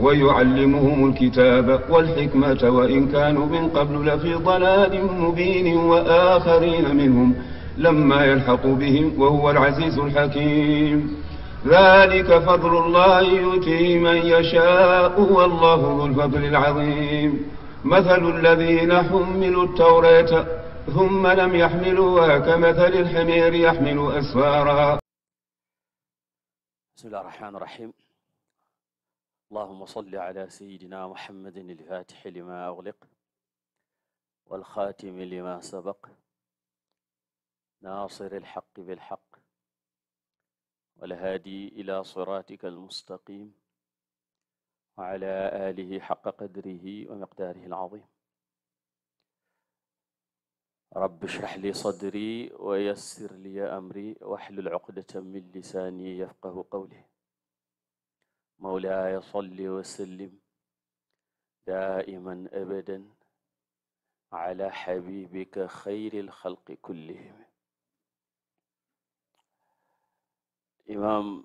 ويعلمهم الكتاب والحكمة وإن كانوا من قبل لفي ضلال مبين وآخرين منهم لما يلحق بهم وهو العزيز الحكيم ذلك فضل الله يؤتيه من يشاء والله ذو الفضل العظيم مثل الذين حملوا التوراة ثم لم يحملوها كمثل الحمير يحمل أسفارا بسم الله الرحمن الرحيم اللهم صل على سيدنا محمد الفاتح لما أغلق والخاتم لما سبق ناصر الحق بالحق والهادي إلى صراطك المستقيم وعلى آله حق قدره ومقداره العظيم رب اشرح لي صدري ويسر لي أمري واحلل عقدة من لساني يفقه قولي مولاي صل وسلم دائما أبدا على حبيبك خير الخلق كلهم إمام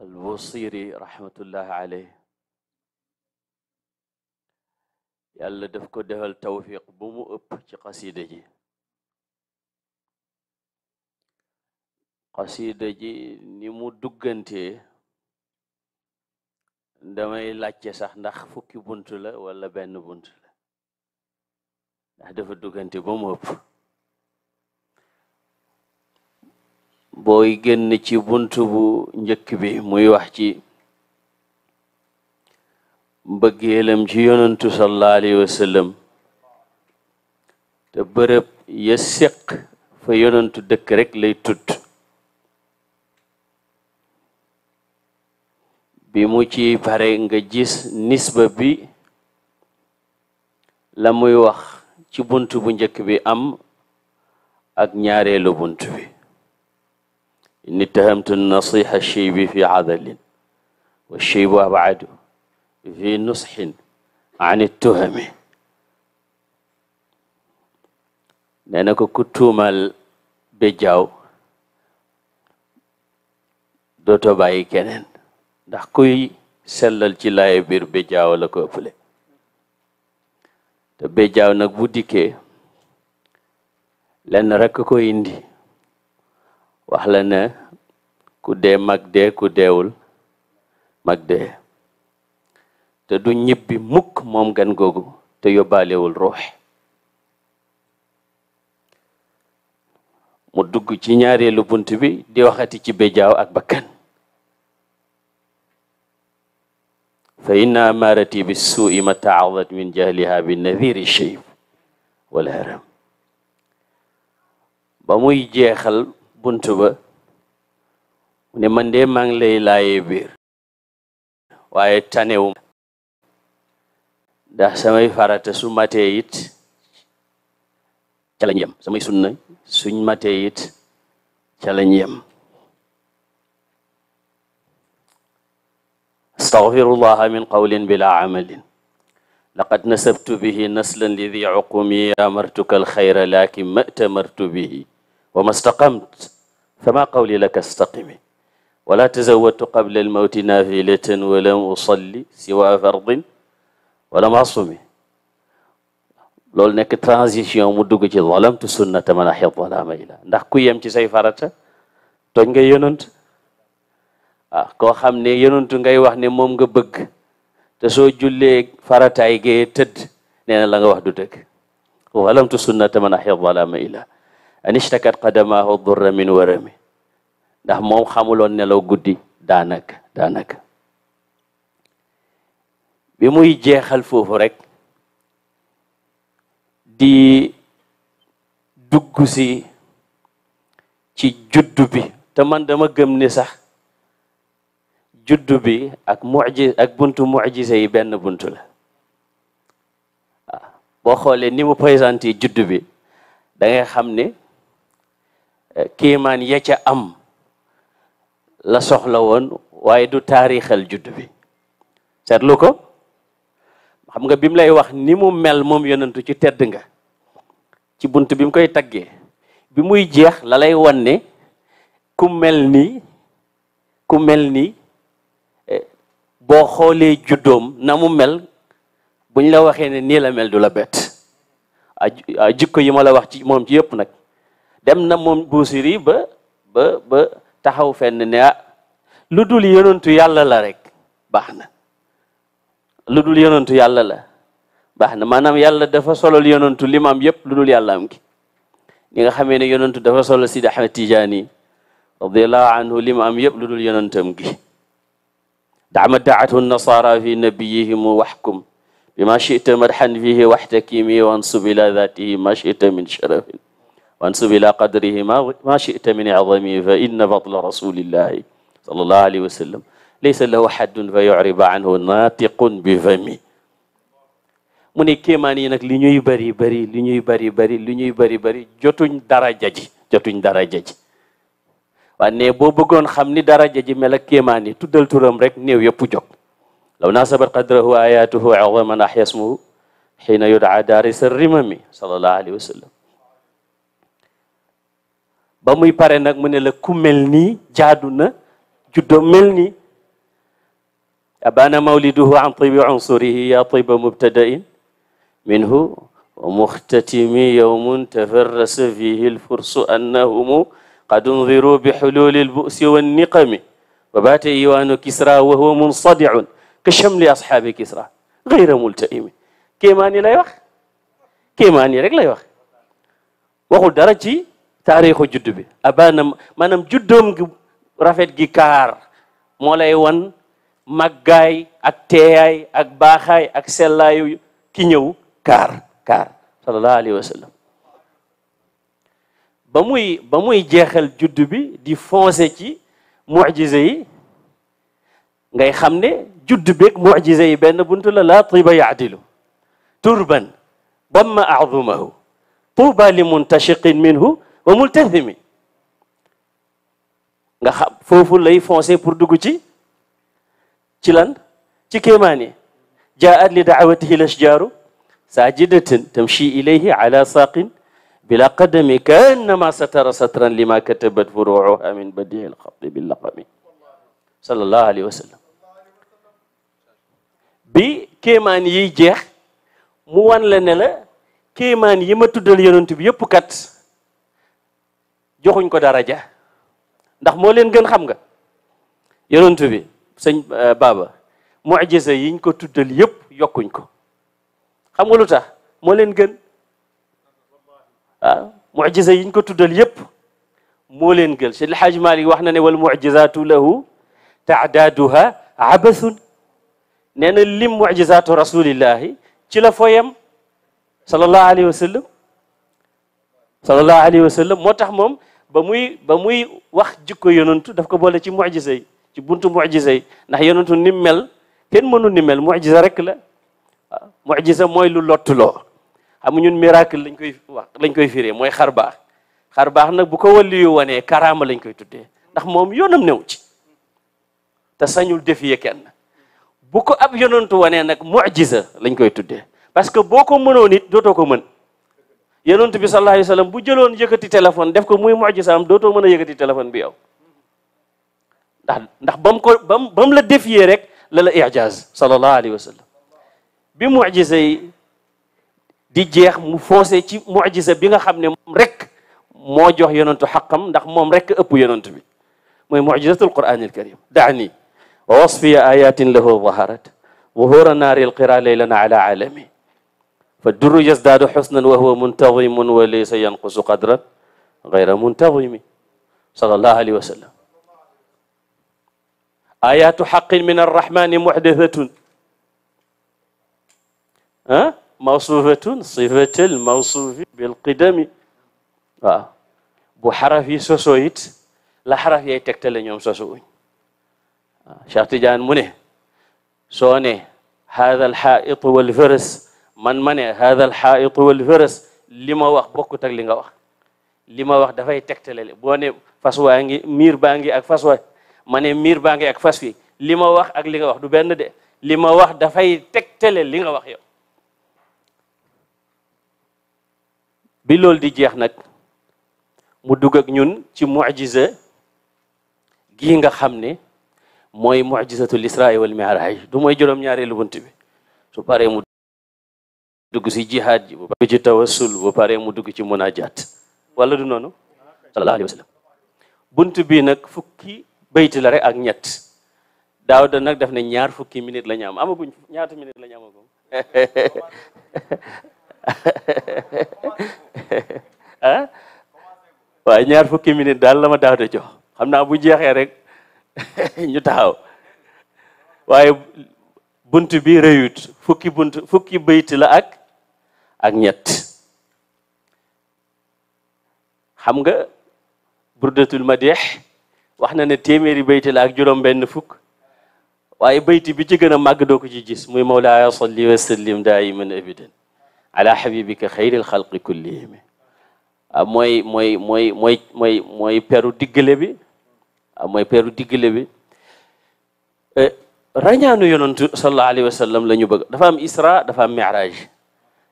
البوصيري رحمة الله عليه yàlla daf ko defal tawfiq bu mu ëpp ci xasida ji xasida ji ni mu duggantee damay laajte sax ndax fukki buntu la wala benn bunt la ndax dafa duggante ba mu ëpp booy génn ci buntu bu njëkk bi muy wax ci mbëggeelam ci yonantu sallallahu alayhi te bërëb ya séq fa yonantu dëkk rek lay tudd bi mu ci pare nga jis nisba bi la muy wax ci bunt bu njëkk bi am ak ñaareelu bunt bi in ittahamtu nasiha shaybi fi adalin wa shaybu abadu fi nusxin an ittuhami nee na ko ku tuumal bejaaw dooto bàyyi keneen ndax kuy sellal ci laaye biir béjjaaw la ko le te béjjaaw nag bu dikkee lenn rekk ko indi wax la ku dee mag dee ku deewul mag dee te du ñibbi mukk moom gan googu te yobbalewul ruux mu dugg ci ñaareelu bunt bi di waxati ci béjjaaw ak bakkan fa inna amarati bissuui ma taadat min jahliha bi nadiri shayb wal haram ba muy jeexal bunt ba ne man de maa ngi lay laayee biir waaye tanewum ndax samay farata su matee it ca lañ yem samay sunna suñ matee it ca lañ yem astaghfirullaha min qawlin bila amalin laqad nasabtu bihi naslan lidi uqumi amartuka alxayra lakin ma tamartu bihi wa ma staqamt fama qawli laka staqimi wala tazawwadtu qabla almawti nafilatan walam usalli siwa fardin walam asumi loolu nekk transition mu dugg ci zalamtu sunnata man axi zalama ila ndax ku yem ci say farata tooñ nga yonant waaw ah, koo xam ne yonantu ngay wax ne moom nga bëgg te soo jullee farataay gee tëdd nee na la nga wax du dëgg walamtu sunnata man axya dalama ila an ishtakat qadamahu min warami ndax moom xamuloon nelaw guddi daanaka daanaka bi muy jeexal foofu rek di dugg ci juddu bi te man gëm ne sax juddu bi ak muji ak buntu mujise yi benn buntu la boo xoolee ni mu présenté juddu bi da xam ne eh, kiimaan ya ca am la soxla woon waaye du taarixal juddu bi seetlu ko xam nga bim lay wax ni mu mel moom yonentu ci tedd nga ci bunt bim koy taggee bi muy jeex la lay wan ne ku mel nii ku mel nii boo xoolee juddoom na mu mel buñ la waxee ne nii la mel du la bett a jikko yi ma la wax ci moom ci yëpp nag dem na moom Buusiri ba ba ba taxaw fenn ne ah lu dul yonentu yàlla la rek baax na lu dul yonentu yàlla la baax na maanaam yàlla dafa solol yonentu limaam yëpp lu dul yàlla am gi ñi nga xamee ne yonentu dafa solol Sidi Ahmed Tijaani radiyallahu anhu am yëpp lu dul yonentam gi دعم دعته النصارى في نبيهم واحكم بما شئت مدحا فيه واحتكمي وانصب إلى ذاته ما شئت من شرف وانصب إلى قدره ما ما شئت من عظمه فإن فضل رسول الله صلى الله عليه وسلم ليس له حد فيعرب عنه ناطق بفمه mu ne kéemaan yi nag li ñuy bari bari li ñuy bari bari li ñuy bari bari jotuñ daraja ji jotuñ daraja ji wanne boo bëggoon xam ni daraja ji mel ak kéemaan yi tuddal turam rek néew yëpp jóg law nasabat qadrahu ayatuhu azaman ahyasmuhu xiina yudaa daarisa rimami sallallahu alayhi wa sallam ba muy pare nag mu ne la ku mel nii jaadu na juddoo mel nii abana mawliduhu an tibi unsurihi ya tiba mubtadain minhu wa muxtatimi yowmun tafarrasa fihi lfursu annahumu قد انظروا بحلول البؤس والنقم وبات إيوان كسرى وهو منصدع كشمل أصحاب كسرى غير ملتئم kéemaani lay wax kéemaani rek lay wax waxul dara ci taarixu judd bi abaana maanaam juddoom gi rafet gi kaar moo lay wan màggaay ak teeyaay ak baaxaay ak sellaayu ki ñëw kaar kaar sallallahu alayhi wa sallam ba muy ba muy jeexal judd bi di foncer ci mujise yi ngay xam ne judd beeg mujise yi benn buntu la laa tiba yaadilu turban damma adumahu tuuba li muntashiqin minhu wa multazimi nga xam foofu lay foncer pour dugg ci ci lan ci kéemaan yi jaat li daawatihi lashjaaru saajidatan tamshi ilayhi ala saaqin bila qadami kaannama satara satran lima katabat furuuha min badii lxabdi billaqami sallallahu alayhi wa sallam bi kéemaan yiy jeex mu wan la ne la kéemaan yi ma tuddal yonent bi yëpp kat joxuñ ko daraja ndax moo leen gën xam nga yonent bi sëñ euh, baaba mucjisa yiñ ko tuddal yëpp yokkuñ ko xam nga lu tax moo ah mucjisa yiñ ko tuddal yépp moo leen gël Seydil Hajji Maalik wax na ne wal mucjisaatu lahu taadaaduha abathun nee na lim mucjisaatu rasulillahi ci la foyam sallallahu alayhi wa sallam sallallahu alayhi wa sallam moo tax moom ba muy ba muy wax jikko yonantu daf ko boole ci mucjisa yi ci buntu mucjisa yi ndax yonantu ni mel kenn mënu ni mel mucjisa rek la ah, mucjisa mooy lu lottuloo xam ñun miracle lañ koy wax lañ koy firee mooy xar baax xar baax nag bu ko waliyu wanee karaama lañ koy tuddee ndax moom yoonam new ci te sañul défier kenn bu ko ab yonantu wanee nag mu'jiza lañ koy tuddee parce que boo ko mënoon it dootoo ko mën yonantu bi sallallahu alayhi wa sallam bu jëloon yëkkati téléphone def ko muy mu'jiza am dootoo mën a yëkkati téléphone bi yow ndax ndax bam ko bam bam la défier rek lala la i'jaz sallallahu alayhi bi mu'jiza yi di jeex mu foncé ci mujisa bi nga xam ne moom rek moo jox yonantu xaqam ndax moom rek ëpp yonantu bi mooy mujisatul quran al karim daani wa wasfiya ayatin lahu zaharat ظهور نار القرى ليلا على عالمه فالدر يزداد حسنا وهو منتظم وليس ينقص قدرا غير منتظم صلى الله عليه وسلم آيات حق من الرحمن محدثة ها mawsuufatun sifatal mawsuufi bil qidami waaw bu xaraf yi sosoo it la xaraf yay tegtele ñoom soso uñ waaw Cheikh mu ne soo ne haada alxaaitu walfaras man ma ne haada alxaaitu walfaras li ma wax bokkut ak li nga wax li ma wax dafay tegtele boo fas waa ngi miir baa ngi ak fas wa ne miir baa ngi ak fas wi li ma wax ak li nga wax du benn de li ma wax dafay tegtele li nga wax yow bi loolu di jeex nag mu dugg ak ñun ci mucjisa gii nga xam ne mooy mucjisatul israa wal mi'raaj du mooy juróom lu bunt bi su paree mu dugg si jihaad ji bu dugg tawassul bu paree mu dugg ci munajaat wala du noonu sallallahu alayhi wa bunt bi nag fukki bayt la rek ak ñett daaw nag def ne ñaar fukki minute la ñu am amaguñ ñaata minute la ñu amagum ah waaye ñaar fukki minit daal la ma daaw de jox xam naa bu jeexee rek ñu taxaw waaye bunt bi rëyut fukki bayt la ak ak ñett xam nga burdatul madih wax na ne téeméeri bayt la ak juróom benn fukk waaye bayt bi ci gën a màgg ko ci gis muy mawlaaya salli wa sallim daayiman abadan ala xabibika xayril xalqi kullihim ah, mooy mooy mooy mooy mooy mooy peru diggale bi ah, mooy peru diggale bi eh, rañaanu yonantu sallallahu alayhi wa sallam la ñu bëgg dafa am isra dafa am miraaj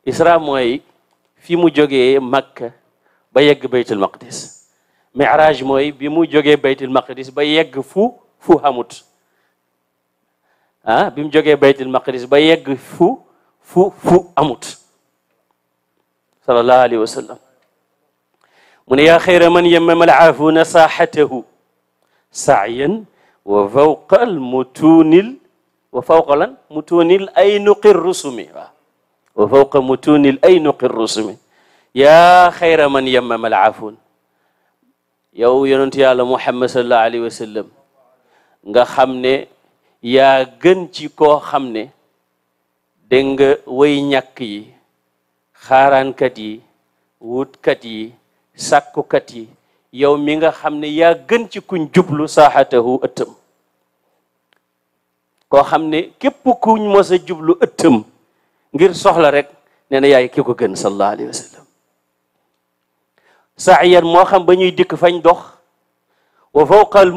isra mooy fi mu jógee makka ba yegg baytul maqdis miraaj mooy bi mu jógee baytul maqdis ba yegg fu fu xamut ah bi mu jógee baytul maqdis ba yegg fu fu fu amut sallallahu alayhi wa sallam mu ne yaa xayra man yemmama alcaafuuna saaxatahu sacyan wa fawqa almutuunil wa fawqa lan mutuunil aynuqi rusumi waaw wa fawqa mutuunil aynuqi rusumi yaa xayra man yemmama alcaafuun yow yonentu yàlla muhammad sallallahu alayhi wa sallam nga xam ne yaa gën ci koo xam ne dégg nga way ñàkk yi xaaraankat yi wutkat yi sàkkukat yi yow mi nga xam ne yaa gën ci kuñ jublu saaxatahu ëttam koo xam ne képp kuñ mos jublu ëttam ngir soxla rek nee na yaay gën sallallahu alayhi moo xam ba ñuy dikk fañ dox wa fawqa al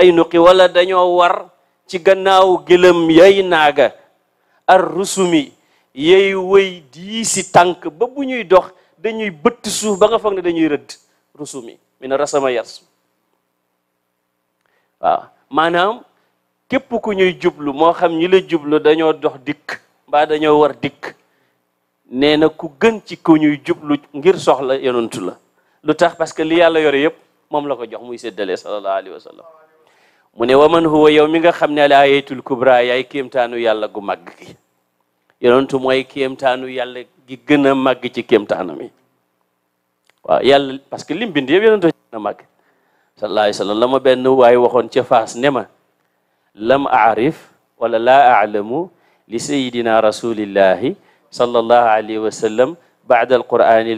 ay nuqi wala dañoo war ci gannaaw gëlëm yay naaga ar rusumi yey wëy dii si tànk ba bu ñuy dox dañuy bët suuf ba nga foog ne dañuy rëdd mi mina rasama yars waaw maanaam képp ku ñuy jublu moo xam ñi la jublu dañoo dox dikk mba dañoo war dikk nee na ku gën ci ku ñuy jublu ngir soxla yonantu la lu tax parce que li yàlla yore yëpp moom la ko jox muy séddale sallallahu alayhi wa sallam mu ne waman huwa yow mi nga xam ne alaayatul kubra yaay kéemtaanu yàlla gu màgg gi yonentu mooy kéemtaanu yàlla gi gën a màgg ci kéemtaanam yi parce que lim bind yëpp yonentu gën a màgg sallallahu alayhi wa sallam benn waaye waxoon ca faas ne ma lam aarif wala laa aalamu li sayidina rasulillahi sallallahu alayhi wa sallam baada alqurani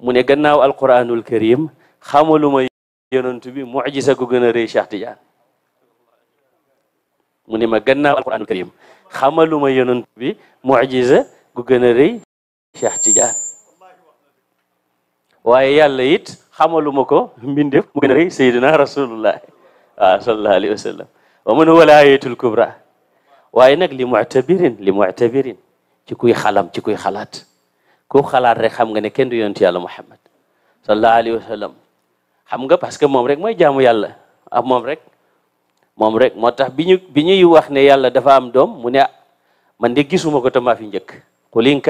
mu ne gannaaw alquranul karim xamaluma yonent bi mucjisa gu gën a rëy Cheikh Tidiane mu ni ma gannaaw alquran karim xamaluma yonent bi mucjisa gu gën a rëy Cheikh Tidiane waaye yàlla yit xamaluma ko mbindeef mu gën a rëy Seydina Rasulullah waaw sallallahu alayhi wa wa man huwa al-ayatul kubra waaye nag li muctabirin li muctabirin ci kuy xalam ci kuy xalaat ku xalaat rek xam nga ne kenn du yonent yàlla Muhammad sallallahu alayhi wa xam nga parce que moom rek mooy jaamu yàlla ak ah, moom rek moom rek moo tax bi ñu bi ñuy wax ne yàlla dafa am doom mu ne ah, man de gisuma ko te njëkk qul in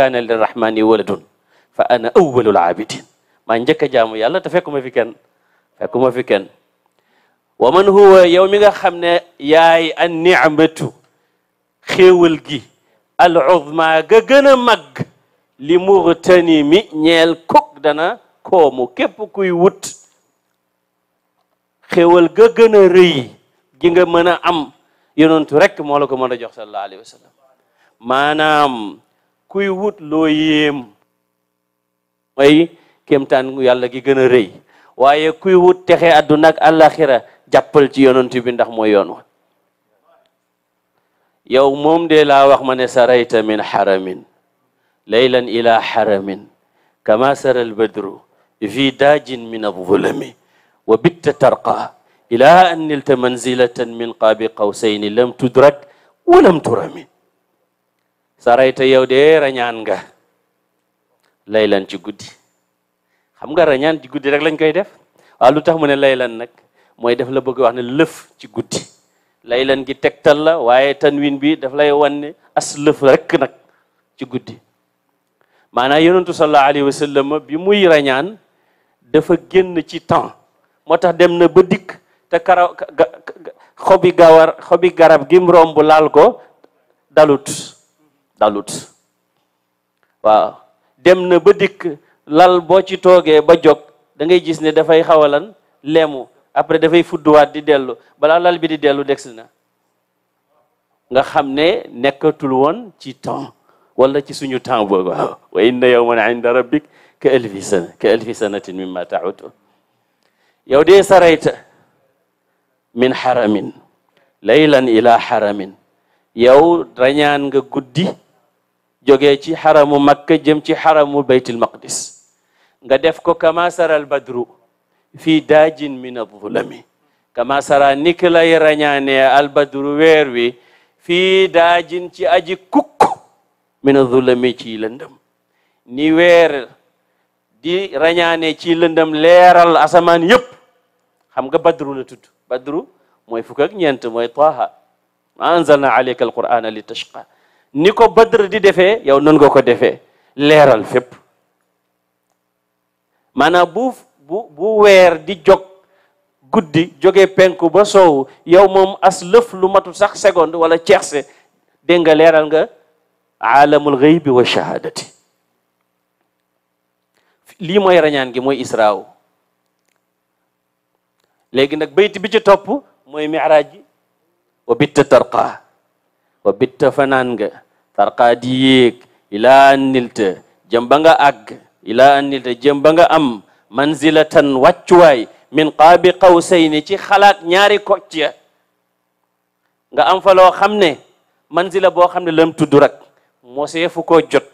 njëkk a jaamu yàlla te fekkuma fi kenn fekkuma fi kenn wa mi nga xam ne yaay an xéewal ga gën a rëy gi nga mën a am yonentu rek moo la ko mën a jox sallallahu alayhi wa sallam kuy wut loo yéem mooy kéemtaan yàlla gi gën a rëy waaye kuy wut texe àdduna ak àllaaxira jàppal ci yonentu bi ndax mooy yoon wa yow moom de laa wax ma ne sarayta min xaramin laylan ila xaramin kama saral badru fi daajin min azulami wa bitta tarqaa ilaa an nilta manzilatan min qaabi qawsayni lam tudrak wa lam turamin sarayta yow dee rañaan nga laylan ci guddi xam nga rañaan ci guddi rek lañ koy def waaw lu tax mu ne laylan nag mooy def la bëgg wax ne lëf ci guddi laylan gi tegtal la waaye win bi daf lay wanne as lëf rek nag ci guddi maanaam yonentu sallallahu alayhi wa bi muy rañaan dafa génn ci temps moo tax dem na ba dikk te karaw xobi gawar xobi garab gim romb laal ko dalut dalut waaw dem na ba dikk lal boo ci toogee ba jóg dangay gis ne dafay xawalan lemu après dafay fudduwaat di dellu balaa lal bi di dellu degsi na nga xam ne nekkatul woon ci temps wala ci suñu temps boobu waaw wa inna yawman inda rabbik ka alfi sana ka alfi sanatin mimma ta'udun yow dee sarayta min xaramin laylan ila xaramin yow rañaan nga guddi jógee ci xaramu makka jëm ci xaramu baytil maqdis nga def ko kama saral badru fii daajin min adulami kama sara nik lay albadru weer wi fii daajin ci aji kukk min adulami ci lëndëm ni weer di rañaanee ci lëndëm leeral asamaan yépp xam nga badru la tudd badru mooy fukk ñeent mooy taaha ma anzalna alayka alqur'ana li tashqa ni ko badr di defee yow noonu nga ko defee leeral fépp maanaam bu weer di jog guddi jógee penku ba soow yow moom as lëf lu matul sax seconde wala ceexse dégg nga leeral nga aalamul ghaybi wa shahadati lii mooy rañaan gi mooy israaw léegi nag bayti bi ci topp mooy miraaj ji wa bitta tarqaa wa bitta fanaan di yéeg ilaa annilta jëm ba nga àgg ilaa annilta jëm ba nga am manzilatan wàccuwaay min qaabi qawsayni ci xalaat ñaari kocc ya nga am fa loo xam ne manzila boo xam ne lam tudd rek moseefu koo jot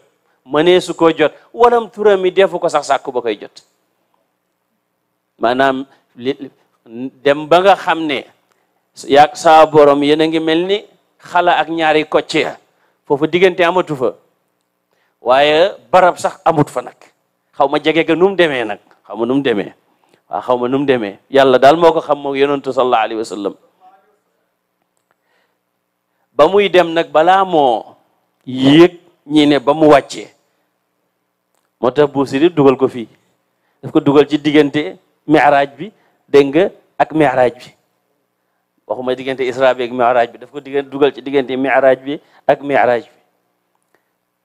mëneesu koo jot walam tura mi defu ko sax sàkku ba koy jot maanaam dem ba nga xam ne yaag saa borom yéen a ngi mel ni xala ak ñaari kocce foofu diggante amatu fa waaye barab sax amut fa nag xaw ma jege ga nu mu demee nag xaw ma nu mu demee xaw ma nu mu demee yàlla daal moo ko xam moom yonentu sallallahu alayhi wa ba muy dem nag balaa moo yéeg ñi ne ba mu wàccee moo tax buusiri dugal ko fii daf ko dugal ci diggante mi'raaj bi dégg nga ak miraaj bi waxuma diggante isra bi ak miraaj bi daf ko diggante dugal ci diggante miraaj bi ak miraaj bi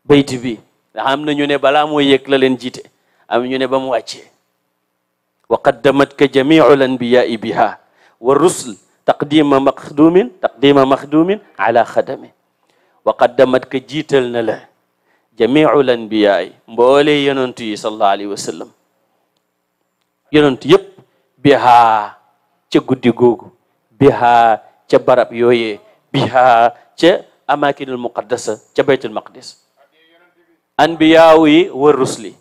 bayt bi ndax am na ñu ne balaa moo yëg la leen jiite am ñu ne ba mu wàccee wa qaddamatka jamiu lanbiyaai biha wa rusul taqdima maxdumin taqdima maxdumin ala jiital na la jamiu mboole yen yi sallallahu alayhi wa sallam yonantu yëpp bihaa ca guddi googu bihaa ca barab yooyee bihaa ca amakinul muqaddasa ca baytul maqdis anbiyaaw yi wa rusli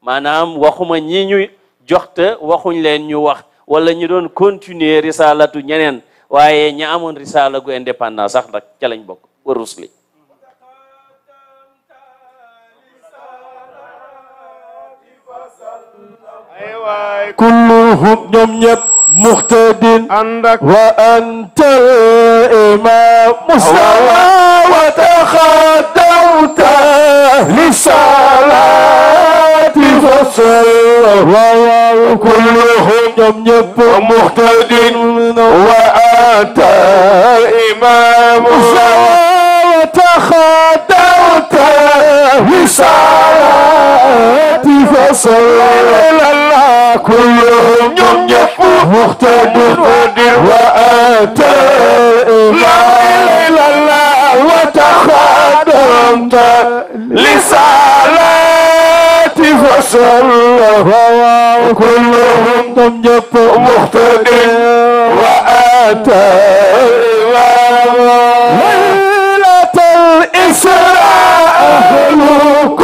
maanaam waxuma ñi ñu joxte waxuñ leen ñu wax wala ñu doon continuer risalatu ñeneen waaye ña amoon risala gu indépendant sax nag ca lañ bokk wa rusli kulluhum ñoom ñëpp muxtadin ànd ak wa antal imam mustawa wa taxadawta li salaati fasal waaw kulluhum ñoom ñëpp muxtadin wa antal imam mustawa wa taxadawta li salaati fasal كلهم يوم يفو مختدر وأنت لا إلا الله وتخدمت لسالاتي فصلى كلهم يوم يفو مختدر وأنت ليلة الإسراء أهلك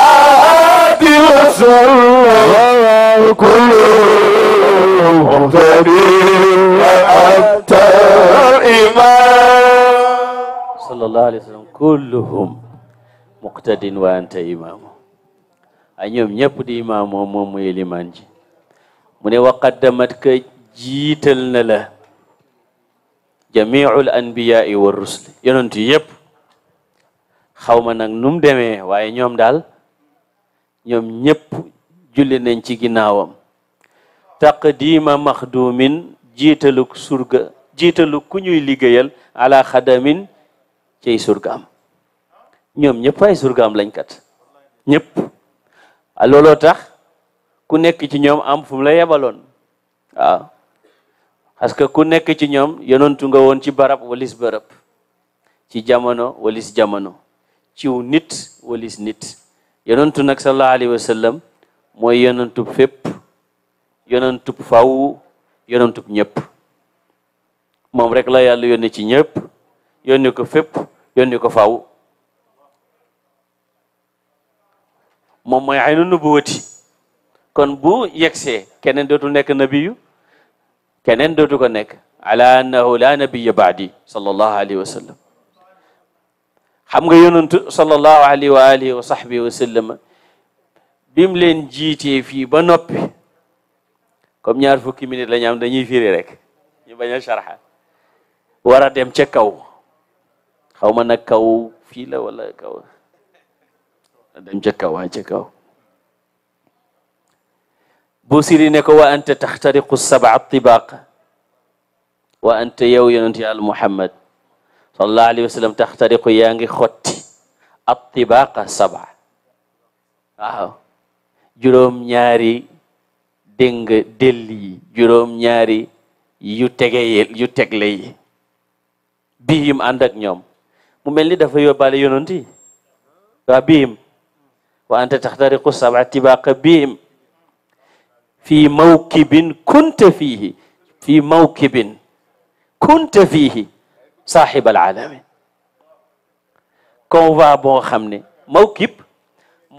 يهدي الصلاة كل مهتدي حتى الإمام صلى الله عليه وسلم كلهم مقتد وأنت إمامه a ñoom ñëpp di imaamoo moom muy limaan ji mu ne wa qaddamat ka jiital na la jamiul anbiyaai wa rusli yonent yi yëpp xaw ma nag nu mu demee waaye ñoom daal ñoom ñépp julli nañ ci ginnaawam taqdiima maxdumin jiitalu surga jiitalu ku ñuy liggéeyal ala xadamin ciy surgaam ñoom ñëpp ay surgaam lañ kat ñëpp ah, looloo tax ku nekk ci ñoom am fu la yebaloon waaw parce que ku nekk ci ñoom yonontu nga woon ci barab walis barab ci jamono walis jamono ciw nit walis nit yonantu nag sallallahu alayhi wa sallam mooy yonantub fépp tub faw yonantub ñëpp moom rek la yàlla yónni ci ñëpp yónni ko fépp yónni ko faw moom mooy aynu nubuwati kon bu yegsee keneen dootul nekk nabiyu keneen dootu ko nekk ala annahu la nabiya baadi sallallahu alayhi wa sallam xam nga yonantu sallallahu alayhi wa alihi wa sahbihi wa sallam bim leen jiitee fii ba noppi comme ñaar fukki minute la ñu am dañuy firi rek ñu bañ a sharxa war a dem ca kaw xaw ma nag kaw fii la wala kaw dem ca kaw waa ca kaw Buusiri ne ko wa anta taxtariqu sab'a tibaq wa anta yow yonent yàlla Muhammad sallallahu alayhi wa sallam taxtariqu yaa ngi xotti attibaqa saba waaw juróom-ñaari déng dell yi juróom-ñaari yu tege yu tegle yi bihim ànd ak ñoom mu mel ni dafa yóbbaale yonent yi waa bihim wa anta taxtariqu saba tibaqa bihim fii mawkibin kunta fiihi fii mawkibin kunta fiihi saaxibal aalami convoi boo xam ne mawkib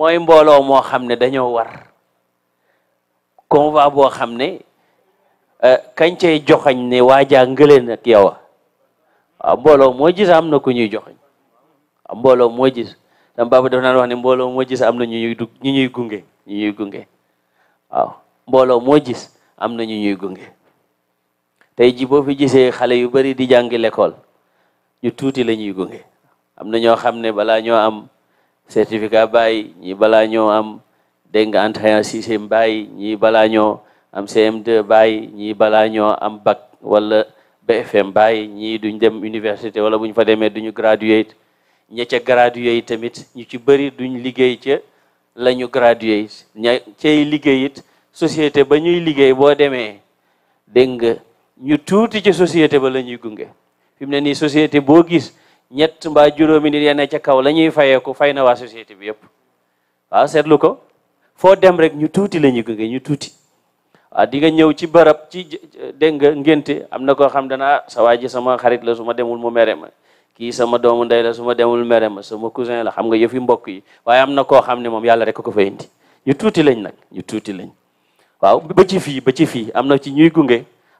mooy mbooloo moo xam ne dañoo war convoi boo xam ne eh, kañ cay joxañ ne waajaa ngëleen ak yow waaw mbooloo moo gis am na ku ñuy joxañ waaw mbooloo moo gis dam baba dafa wax ne mbooloo moo gis am na ñu ñuy ñu ñuy gunge ñu ñuy gunge waaw mbooloo moo gis am na ñu ñuy gunge tey ji fi gisee xale yu bari di jàngi l'école ñu tuuti la ñuy gunge am na ñoo xam ne balaa ñoo am certificat bàyyi ñi balaa ñoo am dégg nga entrée sixième bàyyi ñii balaa ñoo am cmd 2 ñii ñi balaa ñoo am bac wala BFM bàyyi ñii duñ dem université wala bu ñu fa demee duñu graduate ña ca graduate tamit ñu ci bëri duñ liggéey ca la ñu graduate ña cay liggéeyit société ba ñuy liggéey boo demee dégg nga ñu tuuti ci société ba la ñuy gunge fi mu ne nii société boo gis ñett mbaa juróomi nit ya ne ca kaw la ñuy ko fay na waa société bi yëpp waaw seetlu ko foo dem rek ñu tuuti la ñu gëge ñu tuuti waaw di nga ñëw ci barab ci dégg nga ngénte am na koo xam danaa ah, sa sama xarit la su ma demul mu mere ma kii sama doomu ndey la su mere ma sama cousin la xam nga yëfi mbokk yi waaye am na koo xam ne moom yàlla rek ko fa indi ñu tuuti lañ nag ñu tuuti lañ waaw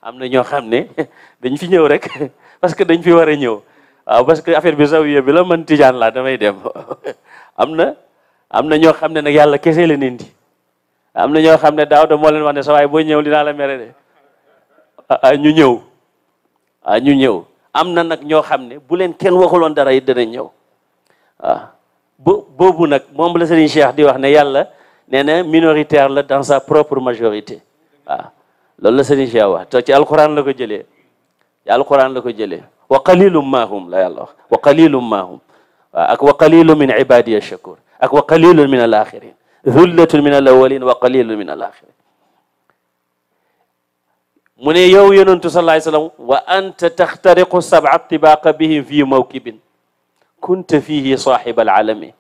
am na ñoo xam ne dañ fi ñëw rek parce que dañ fi war a ñëw waaw ah, parce que affaire bi zawiya bi la man tijaan laa damay dem am na am na ñoo xam ne nag yàlla kese leen indi am na ñoo xam ne daaw da moo leen wax ne sa boo ñëw dinaa la mere de ah, ah, ñu ñëw ñu ñëw am na nag ñoo xam ne bu leen kenn waxuloon dara it danañ ñëw waaw boobu nag moom la Serigne Cheikh di wax ne yàlla nee na minoritaire la dansa sa propre majorité waaw loolu la Serigne Cheikh wax te ci alxuraan la ko jëlee alquran la ko jëlee wa qalilum mahum la yàlla wax wa qalilum mahum waaw ak wa qalilun min ibadiya shakur ak wa qalilun min al axirin zullatun min al awalin wa qalilun min al axirin mu ne yow yonentu sallallahu alayhi wasallam wa anta taxtariqu sab'a tibaqa bihim fi mawkibin kunta fihi saaxib al alami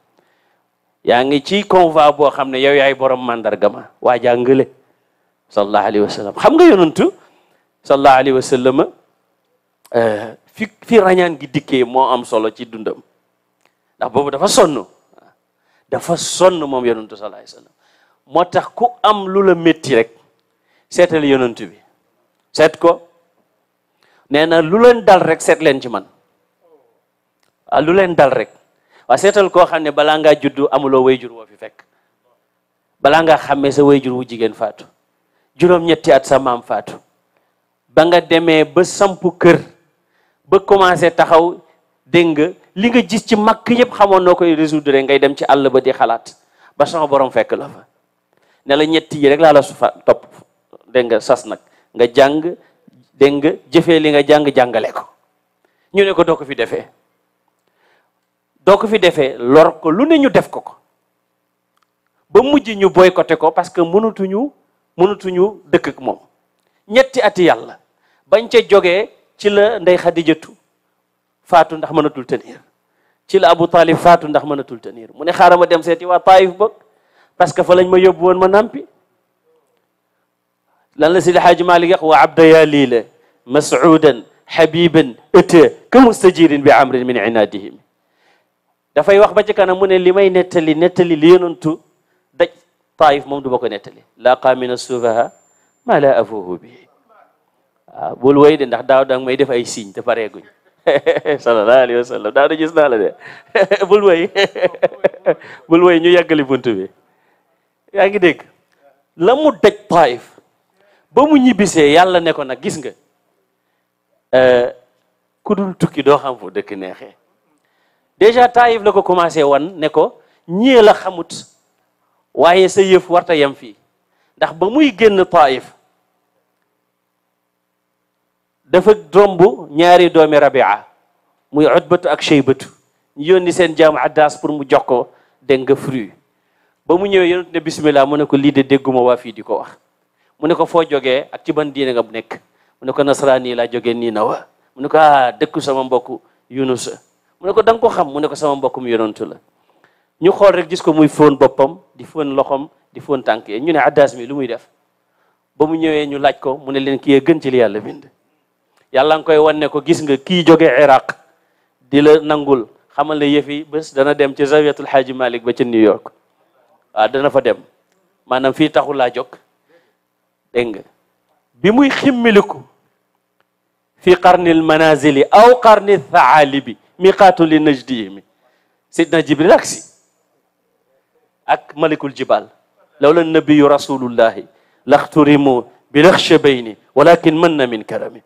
yaa ngi ci convoi boo xam ne yow yaay borom mandarga ma waajaa ngële sallallahu alayhi wasallam xam nga yonentu sallallahu alayhi wasallam Euh, fi fi rañaan gi dikkee moo am solo ci dundam ndax boobu dafa sonn dafa sonn moom yonentu sallallahu alayhi wasallam moo tax ku am lu la métti rek seetal yonent bi seet ko nee na lu leen dal rek seet leen ci man lu leen dal rek waa seetal koo xam ne balaa ngaa juddu amuloo wayjur woo fi fekk balaa ngaa xàmmee sa wayjur wu jigéen faatu juróom-ñetti at sa maam faatu ba demee ba sampu kër ba commencé taxaw dégg nga li nga jis ci mag yëpp xamoon noo koy résoudre ngay dem ci àll ba di xalaat ba sama boroom fekk la fa ne la ñett yi rek laa la sufa topp dégg nga sas nag nga jàng dégg nga jëfee li nga jàng jàngale ko ñu ne ko doo ko fi defee doo ko fi defee lor ko lu ne ñu def ko ko ba mujj ñu boycotté ko parce que mënatuñu mënatuñu dëkk moom ñetti at yàlla bañ ca jógee ci la ndey xadijatu faatu ndax mënatul tenir ci la abu talib faatu ndax mënatul tenir mu ne xaaral ma dem seeti waa taayif bokk parce que fa lañ ma yóbbu woon ma nampi lan la si Xaaji Maalik wax wa abda yaa liila masuudan xabiban ëtee ka mustajirin bi amrin min inaadihim dafay wax ba ci kanam mu ne li may nettali nettali li yonantu daj taayif moom du ma nettali laqaa la afuhu bi waaw ah, bul wéy de ndax daaw danga may def ay signe te pareeguñ sallallahu alayhi wa sallam daaw da gis naa la de bul wéy bul wéy ñu yàggale bunt bi yaa ngi dégg la mu daj Taif ba mu ñibbisee yàlla ne ko nag gis nga eh, ku dul tukki doo xam fu dëkk neexee déjà Taif la ko commencé wan ne ko ñee la xamut waaye sa yëf warta yem fii ndax ba muy génn Taif dafa domb ñaari doomi rabia muy utbatu ak shaybatu ñu yónni seen jaam addaas pour mu jox ko dégg nga fruit ba mu ñëwee yonent ne bismillah mu ne ko lii de dégguma waa fii di ko wax mu ne ko foo jógee ak ci ban diine bu nekk mu ne ko nii laa jógee nii na wa mu ne ko ah dëkku sama mbokku yunus mu ne ko da ko xam mu ne ko sama mbokkum yonentu la ñu xool rek gis ko muy fóon boppam di fóon loxom di fóon tànk yi ñu ne addaas mi lu muy def ba mu ñëwee ñu laaj ko mu ne leen kii yee gën ci li yàlla bind yàlla nga koy wan ne ko gis nga kii jóge iraq di la nangul xamal ne yëf yi dana dem ci zawiyatul xaaji malik ba ci new york waaw dana fa dem maanaam fii taxul laa jóg dégg nga bi muy ximmiliku fi qarnil manazili aw qarni thaalibi miqaatu li najdiyi mi sidna jibril ak si ak malikul jibal lawla nabiyu rasulullahi laxturimu bilaxshabayni walakin man na min karami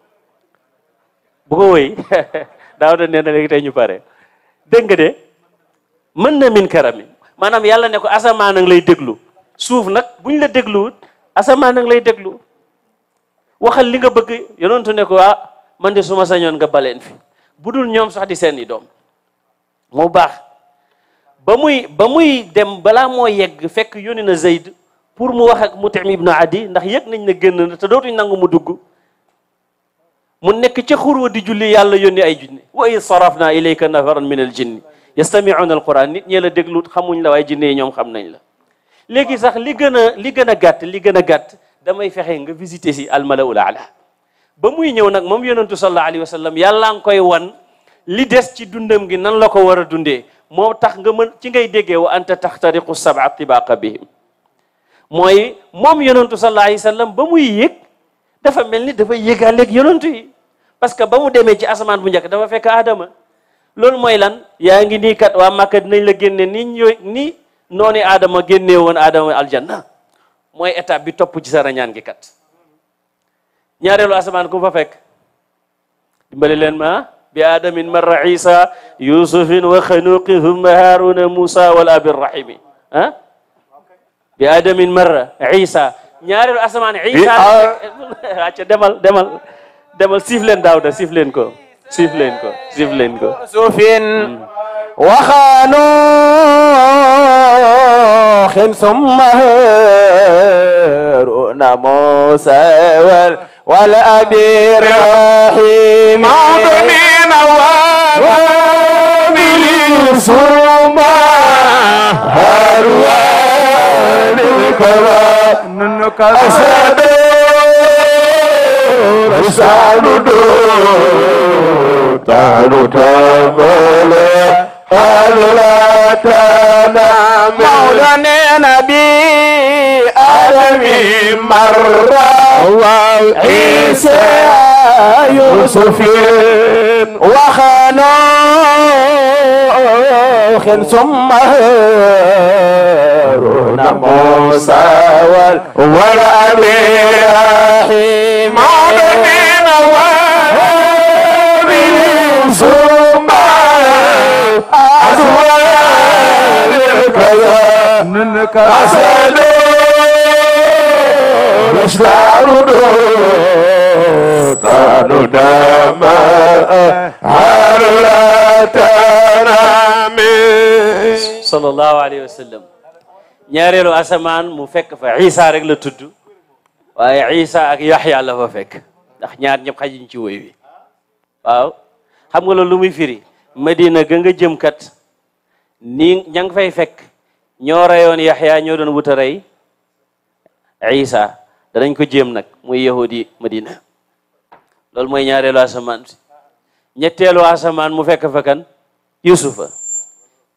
bu ko woy daaw da nee na léegi tey ñu pare dégg nga de mën na min mi maanaam yàlla ne ko asamaan nag lay déglu suuf nag buñ la dégluwut asamaan nag lay déglu waxal li nga bëgg yonentu ne ko ah man de suma sañoon nga baleen fi bu dul ñoom sax di seeni doom mu baax ba muy ba muy dem balaa moo yegg fekk yónni na Zayd pour mu wax ak Mut'im ibn Adi ndax yëg nañ ne génn na te dootuñ nangu mu dugg mu nekk ci ca wa di julli yàlla yónni ay jinne wa in sarafna ilayka nafaran min al jinni yastamiuna al quran nit ñee la déglu xamuñ la waaye jinne yi ñoom xam nañ la léegi sax li gën a li gën a gàtt li gën a gàtt damay fexe nga visiter si almalaul ala ba muy ñëw nag moom yonentu sallallahu alayhi wa sallam yàlla nga koy wan li des ci dundam gi nan la ko war a dundee moo tax nga mën ci ngay déggee wa anta taxtariqu sab'a tibaqa bihim mooy moom yonentu sallallahu alayhi wa sallam ba muy yëg dafa mel ni dafa yëgaaleeg yonantu yi parce que ba mu demee ci asamaan bu njëkk dafa fekk aadama loolu mooy lan yaa ngi nii kat waa Màkka nañ la génne ni ñooy nii noonu aadama génnee woon aadama aljanna mooy étape bi topp ci sa rañaan gi kat ñaareelu asamaan ku fa fekk dimbali leen ma bi aadamin marra isa yusufin wa xanuqi humma haaruna musa wal abi rahimi ah bi aadamin marra isa ñaareelu asamaan isa wàcce demal demal demal siif leen daawda siif leen ko siif leen ko siif leen ko sufin hmm. waxaanu xin summa haruna musa wal wal abi rahim adumin wa bili summa haruna أسد رسال دو تعالوا تابولا قالوا لا تانا مولانا نبي آدمي مرة عيسى يوسف وخنوخ ثم هارون موسى والأمير معبدين وابن ثم أزواج منك أسأل مش لا sallallahu alayhi wa sallam ñaareelu asamaan mu fekk fa Isa rek la tudd waaye Isa ak Yaxya la fa fekk ndax ñaar ñëpp xajiñ ci woy waaw xam nga loolu lu muy firi Madina ga nga kat nii ña nga fay fekk ñoorayoon reyoon Yaxya ñoo doon wut a rey ko jéem nag muy yahudi Madina loolu mooy ñaareelu asamaan si ñetteelu asamaan mu fekk fa yusufa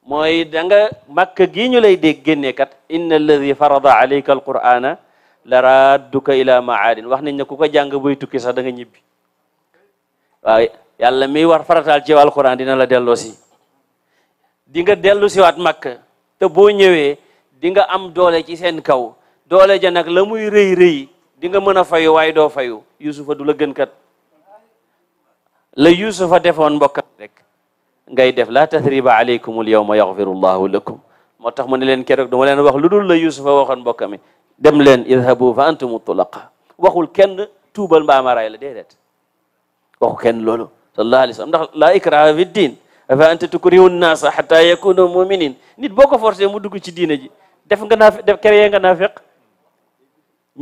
mooy danga nga makka gii ñu lay dégg génne kat inna alladi farada alayka alqur'ana la radduka ila maadin wax nañ ne ku ko jàng buy tukki sax danga ñibbi waa yàlla mi war farataal ci alquran dina la delloo si di nga dellu siwaat makka te boo ñëwee di nga am doole ci seen kaw doole ja nag la muy rëy rëy di nga mën a fayu waaye doo fayu yusufa du la gën kat la yusufa defoon mbokkam rek ngay def laa tathriba aleykum al yawma yaxfiru llahu lakum moo tax mu ne leen keroog duma leen wax lu dul la yusufa waxoon mbokkam mi dem leen idhabu fa antum tulaqa waxul kenn tuubal mbaa ma ray la déedéet waxu kenn loolu sallallahu alayhi wa sallam ndax laa ikraha fi diin afa anta tukrihu nnaasa xata yakunu muminin nit boo ko forcé mu dugg ci diina ji def nga naa def créé nga naa feq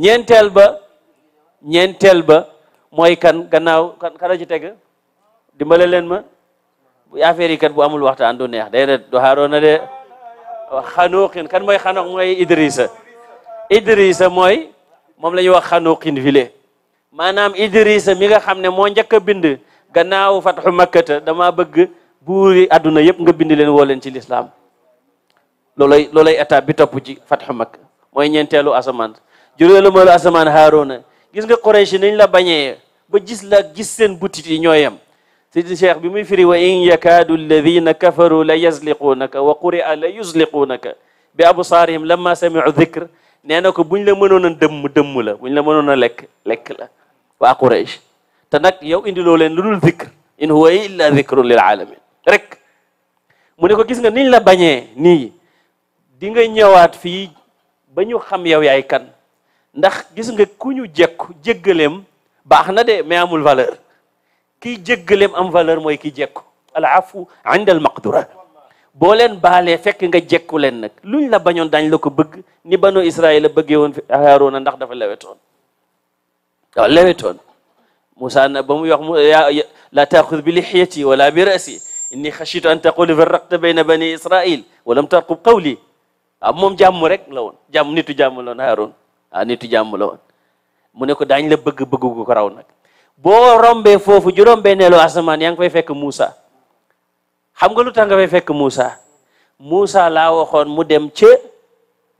ñeenteel ba ñeenteel ba mooy kan gannaaw kan kan la ci teg dimbale leen ma affaire yi kat bu amul waxtaan du neex déedéet du xaaroo na de xanuqin kan mooy xanuq mooy Idrissa Idrissa mooy moom la ñuy wax xanuqin vile maanaam Idrissa mi nga xam ne moo njëkk a bind gannaaw fatxu makkata dama bëgg buuri àdduna yëpp nga bind leen woo leen ci lislaam loolay loolay étape bi topp ci fatxu mooy ñeenteelu asamaan juróolu malu asamaan Haaruna gis nga Quraysh niñ la bañee ba gis la gis seen butit yi ñooyam sidi cheikh bi muy firi wa in yakaadu alladina kafaru la yasliquunaka wa quria la yusliquunaka bi absaarihim lamma samiu dikr nee na ko buñ la mënoon a dëmm dëmm la buñ la mënoon a lekk lekk la waa Quraysh te nag yow indiloo leen lu dul dikr in huwa illa dikrun lil alamin rek mu ne ko gis nga ni la bañe nii di nga ñëwaat fii bañu xam yow yay kan ndax gis nga ku ñu jekku jéggaleem baax na de mais amul valeur kii jéggaleem am valeur mooy ki jekku al afu inda al maqdura boo leen baalee fekk nga jekku leen nag luñ la bañoon dañ la ko bëgg ni banu Israël a bëggee woon Haaruna ndax dafa lewetoon waaw lewetoon Moussa na ba muy wax mu la taaxud bi lixyati wala bi rasi inni xachitu an taqula farraqta bayna bani Israil walam tarqub qawli waaw moom jàmm rek la woon jàmm nitu jàmm la nitu jàmm mu ne ko daañ la bëgg bëgg gu boo rombee foofu juróom benneelu asamaan yaa ngi fay fekk Moussa xam nga lu tax fekk Moussa Moussa laa waxoon mu dem ca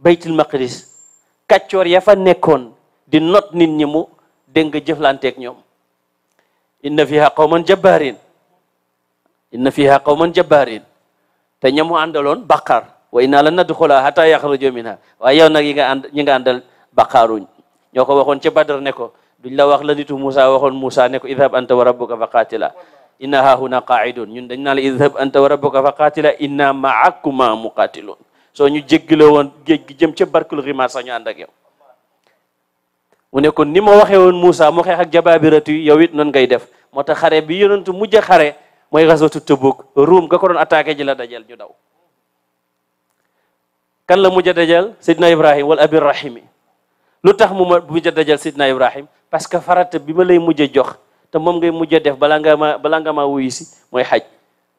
baytul maqdis kàccoor ya fa nekkoon di not nit ñi mu dégg nga jëflanteeg ñoom inna fiha qawman jabbarin inna fiha qawman jabbarin te ñamu àndaloon baqar wa inna lan nadxula hatta yaxruju minha waaye yow na yi nga ànd ñi nga àndal baqaaruñ ñoo ko waxoon ca Badar ne ko duñ la wax la nitu Moussa waxoon Moussa ne ko idhab anta wa rabbuka fa qaatila inna haahuna qaa'idun ñun dañ naa la idhab anta wa rabbuka fa qaatila inna ma'akuma muqaatiluun soo ñu jéggile woon géej gi jëm ca barkul rimaas sax ñu ànd ak yow mu ne kon ni ma waxee woon Moussa mu xeex ak jabaabiratu yi yow it noonu ngay def moo tax xare bi yonentu mujj a xare mooy gaswatu Tabuk ruum nga ko doon attaqué ji la dajal ñu daw kan la mujja a dajal Seydina Ibrahim wal abi rahimi lu tax mu ma mujj a dajal sidna ibrahim parce que farata bi ma lay mujj a jox te moom ngay mujj a def balaa nga ma balaa nga maa wuyu si mooy xaj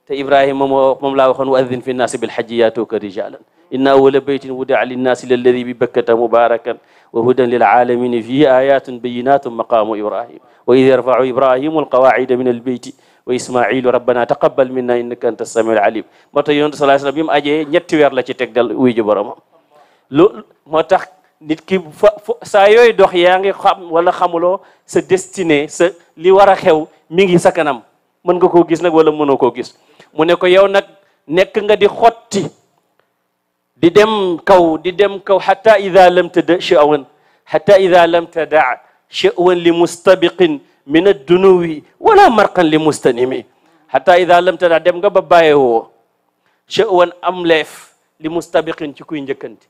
te ibrahima moo moom laa waxoon wa addin fi nnaasi bilxajji yaatuuka rijalan inna awala baytin wudia linnaasi lalladi bi bakkata mubarakan wa hudan lilalamina fihi ayatun bayinatun maqaamu ibrahim wa id yarfacu ibrahimu alqawaacida min albeyti wa ismailu rabbana taqabal minna innaka anta samiu alalim moo tax yonent sallallahu alayhi wa sallam bi mu ajee ñetti weer la ci tegdal wuy ji boromam lu moo tax nit ki fa saa yooyu dox yaa ngi xam wala xamuloo sa destinée sa li war a xew mi ngi sa kanam mën nga koo gis nag wala mënoo koo gis mu ne ko yow nag nekk nga di xotti di dem kaw di dem kaw xata ida lam tada chawan xata ida lam li mustabiqin min addunuwi wala marqan li mustanimi xata ida lam tadaa dem nga ba bàyyewoo chawan am leef li mustabiqin ci kuy njëkkanti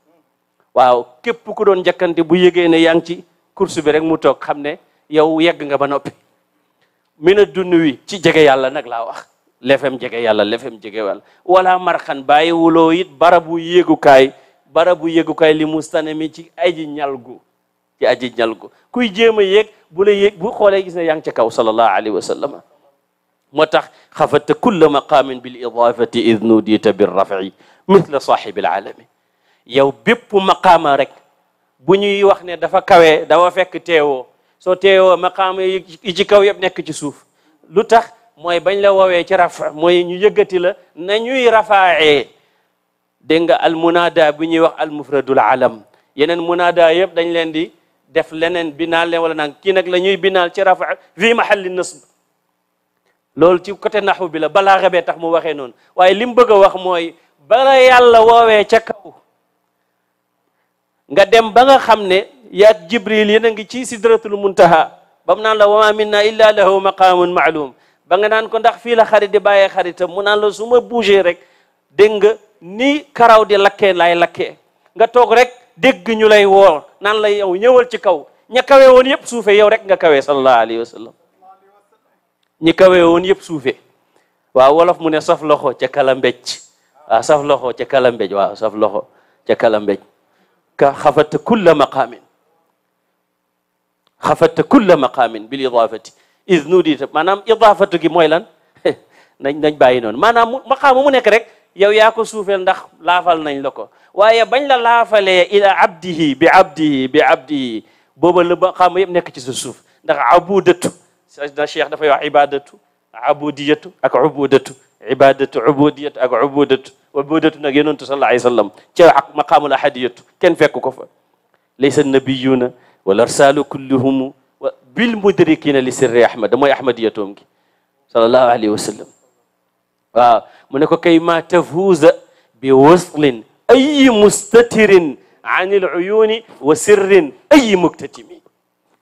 waaw képp ku doon njëkkante bu yëgee ne yaa ngi ci course bi rek mu toog xam ne yow yegg nga ba noppi mina dund wi ci jege yàlla nag laa wax lefem jege yàlla lefem jege wala marxan bàyyiwuloo it barabu yéegukaay barabu yéegukaay li mustane mi ci ay ñalgu ci aji kuy jéem a yéeg bu la yéeg bu xoolee gis ne yaa ngi ca kaw sallallahu alayhi wa sallam moo tax xafatta kulla maqaamin bil idaafati id nuudita bir rafi mithla saaxibil aalami yow bépp maqaama rek bu ñuy wax ne dafa kawe dafa fekk teewoo soo teewoo maqaama yi ci kaw yëpp nekk ci suuf lu tax mooy bañ la woowee ci rafa mooy ñu yëggati la na ñuy rafaaee dégg nga al munada bu ñuy wax al mufradul alam yeneen munada yëpp dañ leen di def leneen binaal leen wala nang kii nag la ñuy binaal ci rafa fii mahalli nasb loolu ci côté naxu bi la balaa xebee tax mu waxee noonu waaye li mu wax mooy bala yàlla woowee ca kaw nga dem ba nga xam ne yaag jibril yéen a ngi ci sidratul muntaha ba mu naan la wama minna illa lahu maqamun maalum ba nga naan ko ndax fii la xarit di bàyyee xaritam mu naan la su ma rek dégg nga ni karaw di lakkee lay lakkee nga toog rek dégg ñu lay woor naan lay yow ñëwal ci kaw ña kawe woon yëpp suufe yow rek nga kawe sallallahu alayhi wa sallam ñi kawe woon yëpp suufe waaw wolof mu ne saf loxo ca kala mbéj waaw saf loxo ca kala mbéj waaw ca kala ka xafatta kulla maqaamin xafatta kulla maqaamin bil idaafati is nudita maanaam idaafatu gi mooy lan nañ nañ bàyyi noonu maanaam maqaamu mu nekk rek yow yaa ko suufeel ndax laafal nañ la ko waaye bañ la laafalee ila abdihi bi abdihi bi abdihi booba la maqaamu yëpp nekk ci sa suuf ndax abudatu Cheikh dafay wax ibadatu abudiyatu ak ubudatu ibadatu ubudiyat ak ubudatu ubudatu nag yonentu sallallahu alayhi wa sallam ca ak maqaamul ahadiyatu kenn fekk ko fa laysa nabiyuna wala arsalu kulluhum bil mudrikina li sirri ahmad mooy ahmadiyatoom gi sallallahu alayhi wa sallam waaw mu ne ko kay ma tafuuza bi waslin ay mustatirin an il uyuni wa sirrin ay muktatimi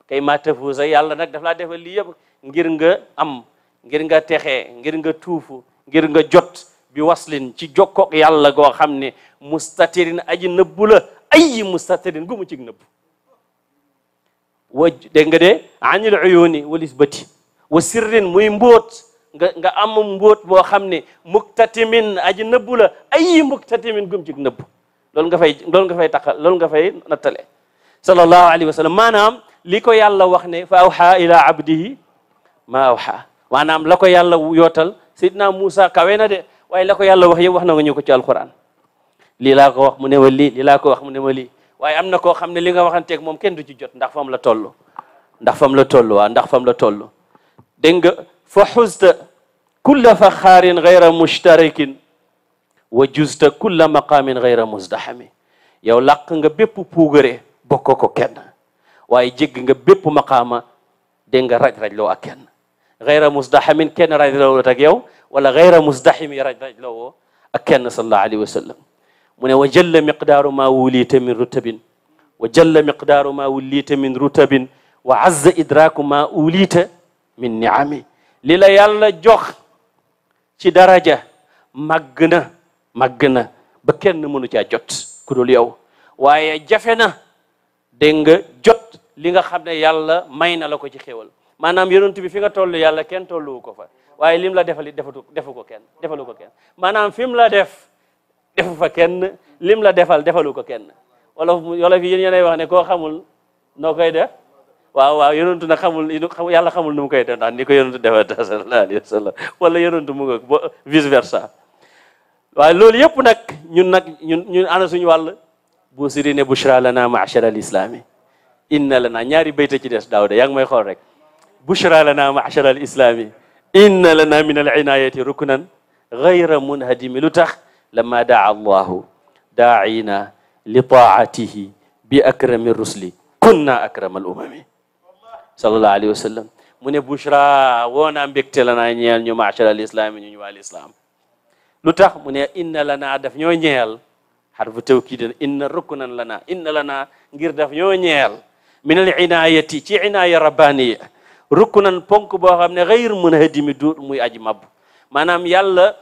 kay ma tafuuza yàlla nag daf laa defal lii yëpp ngir nga am ngir nga texe ngir nga tuufu ngir nga jot bi waslin ci jokkoog yàlla goo xam ne mustatirin aji nëbbu la ayi mustatirin gu mu cig nëbbu wa dégg nga de anil uyuni walis bëti wa sirrin muy mboot nga nga am mbóot boo xam ne muktatimin aji nëbbu la ayi muktatimin gu mu cig nëbbu loolu nga fay loolu lol nga fay nattale sallallahu alayhi maanaam li ko yàlla wax ne fa awxa ila abdihi ma awxa maanaam la ko yàlla yootal Seydina Moussa kawe na de waaye la ko yàlla wax yëpp wax na nga ñu ko ci alquran lii laa ko wax mu ne ma lii lii laa ko wax mu ne ma lii waaye am na koo xam ne li nga wax waxanteeg moom kenn du ci jot ndax fam la toll ndax fam la toll waa ndax fam la toll dégg nga fa xusta kulla faxaarin gayra mushtarikin wa justa kulla maqaamin gayra musdahami yow làq nga bépp puugare bokk ko kenn waaye jégg nga bépp maqaama dégg nga raj-raj loo ak kenn gayra musdahamin kenn raj lawoo ak yow wala gayra musdahimi raj raj lawoo ak kenn sallallahu alayhi wa sallam mu ne wa jalla miqdaaru ma wulita min rutabin wa jalla miqdaaru ma wulita min rutabin wa azza idraaku ma ulita min niami li la yàlla jox ci daraja màgg na màgg na ba kenn mënu caa jot ku dul yow waaye jafe na dégg nga jot li nga xam ne yàlla may na la ko ci xéwal maanaam yonent bi fi nga toll yàlla kenn tolluwu ko fa waaye lim la defali defatu defu ko kenn defalu ko kenn maanaam fi mu la def defu fa kenn lim la defal defalu ko kenn wolof wolof yi yéen yéenay wax ne koo xamul noo koy def waaw waaw yonentu nag xamul yàlla xamul nu mu koy def ndax ni ko yonentu defal sallallahu alayhi wa sallam wala yonentu mu nga bo vice versa waaye loolu yëpp nag ñun nag ñun ñun ana suñu wàll bu siri ne bushra lana ma'shara al-islami inna lana ñaari bayta ci des daaw de yaa ngi may xool rek bushra lana machara al islami inna lana min al inayati ruknan gayra munhadimi lu tax lama daa allahu daacina li taatihi bi akrami rusli kunna akrama al umami sallallahu alayhi wa sallam mu ne bushra woonaa mbégte la naa ñeel ñu machara al islami ñu ñu waa lislaam lu tax mu ne inna lana daf ñoo ñeel xarfu tawkiid inna ruknan lana inna lana ngir daf ñoo ñeel min al inayati ci inaya rabbaniya rukkunan ponk boo xam ne xëyr mën a hadimi duur muy aji mab maanaam yàlla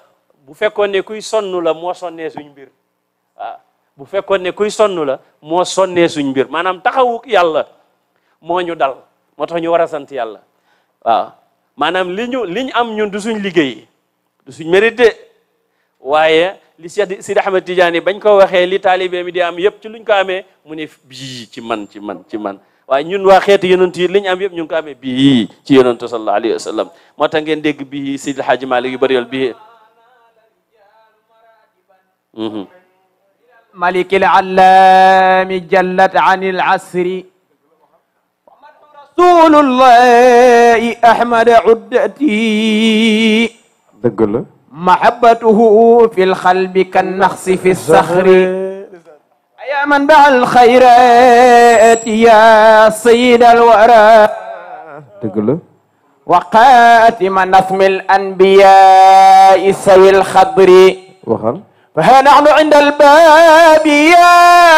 bu fekkoon ne kuy sonn la moo sonnee suñ mbir waaw bu fekkoon ne kuy sonn la moo sonnee suñ mbir maanaam taxawu yàlla moo ñu dal moo tax ñu war a sant yàlla waaw maanaam li ñu li ñu am ñun du suñ liggéey du suñ mérite waaye li Cheikh Sidi Ahmed Tidiane bañ ko waxee li taalibe mi di am yëpp ci luñ ko amee mu ne bii ci man ci man ci man waaye ñun waa xeeti yonent yi li ñu am yëpp ñu ngi ko amee bii ci yonentu sallallahu alayhi wa sallam moo tax ngeen dégg bii Seydi El Hadji Malick yu bëri yool bii ملك العلام جلت عن العسر رسول الله أحمد عدتي محبته في الخلب كالنخس في الصخر منبع الخيرات يا سيد الورى تقول وقاتم نظم الأنبياء سوي الخضر وخل فها نحن عند الباب يا